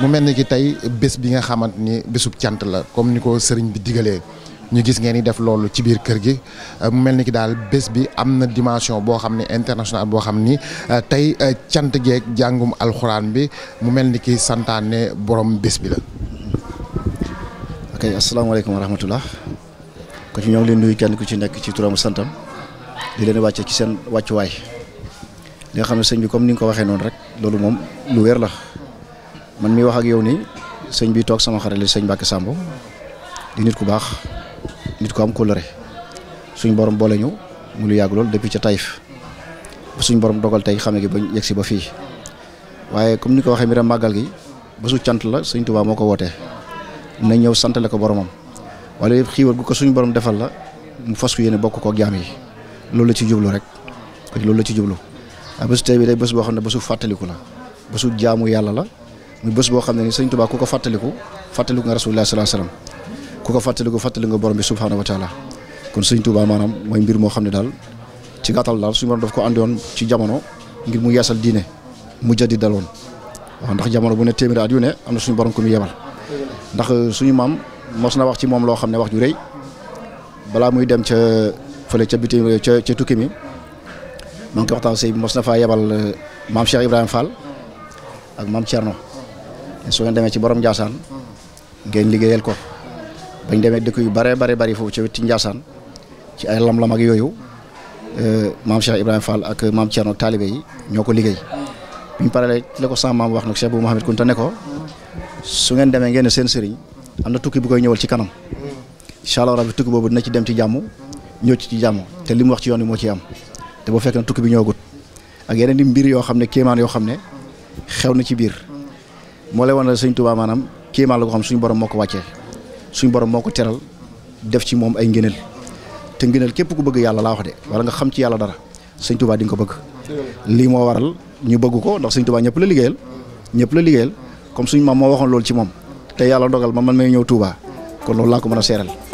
mu mel ni ki tey bés bi nga xamante ni bésub cant la comme ni ko sëriñ bi digalee ñu gis ngeen di def loolu ci biir kër gi euh, mu mel ni ki daal bés bi am na dimension boo xam ne international boo xam ni euh, tey euh, cant geeg jàngum alxuraan bi mu mel ni ki santaane borom bés bi la. ok asalaamaaleykum wa rahmatullah ko ci ñoo leen nuyu kenn ku ci nekk ci turam santam di leen wàcce ci seen wàccuwaay li nga xam ne sëñ bi comme ni nga ko waxee noonu rek loolu moom lu wér la. man mi wax ak yow nii sëñ bi toog sama xarale sëñ Mbacke Samb di nit ku baax nit ko am kóllëre suñ borom boole ñu mu lu yàgg lool depuis ca Taïf suñ borom dogal tey xame gi ba yegg si ba fii waaye comme ni ko waxee mbiram màggal gi bésu cant la sëñ Touba moo ko wootee na ñëw santale ko boromam wala yëpp xiiwal gu ko suñ borom defal la mu fas yéene bokk ko jaam yi loolu la ci jublu rek loolu la ci jublu bésu tey bi day bésu boo xam ne bésu fàttaliku la bésu jaamu yàlla la. mu bës boo xam ne ni sëñ Tuubaa ku ko fàttaliku fàttaliku nga rasulullah salaa salaam ku ko fàttaliku fàttali nga borom bi subhaanahu wa taala kon sëñ Tuubaa maanaam mooy mbir moo xam ne daal ci gàttal daal suñu borom daf ko àndoon ci jamono ngir mu yeesal diine mu jadi daloon waaw ndax jamono bu ne téeméeri at ne am na suñu borom ko muy yebal ndax euh, suñu maam mos na wax ci moom loo xam ne wax ju rëy balaa muy dem ca fële ca biti ca ca tukki mi maa ngi koy waxtaan sëy mos na faa yebal euh, maam Cheikh Ibrahima Fall ak maam su ngeen demee ci borom Ndiassane ngeen liggéeyal ko bañ demee dëkk yu bare bare bari foofu ci wetu Ndiassane ci ay lam-lam ak yooyu euh, maam Cheikh Ibrahima Fall ak maam Thierno ak ñoo ko liggéey biñ paree ci la ko maam wax nag Cheikh bu Mouhamed Kounta ne ko su ngeen demee ngeen seen sëriñ am na tukki bu koy ñëwal ci kanam incha allah rabbi tukki boobu dina ci dem ci jàmm ñëw ci ci jàmm te li mu wax ci yoon moo ciy am te bu fekkee tukki bi ñëwagut ak yeneen i mbir yoo xam ne kéemaan yoo xam ne xew na ci biir. moo lay wan ne sëñ Touba maanaam kéemaan la ko xam suñu borom moo ko wàccee suñu borom moo ko teral def ci moom ay ngëneel te ngëneel képp ku bëgg yàlla laa wax de wala nga xam ci yàlla dara sëñ Touba di ko bëgg. lii moo waral ñu bëgg ko ndax sëñ Touba ñëpp la liggéeyal ñëpp la liggéeyal comme suñ maam moo waxoon loolu ci moom te yàlla dogal ma man may ñëw tuubaa kon loolu laa ko mën a seeral.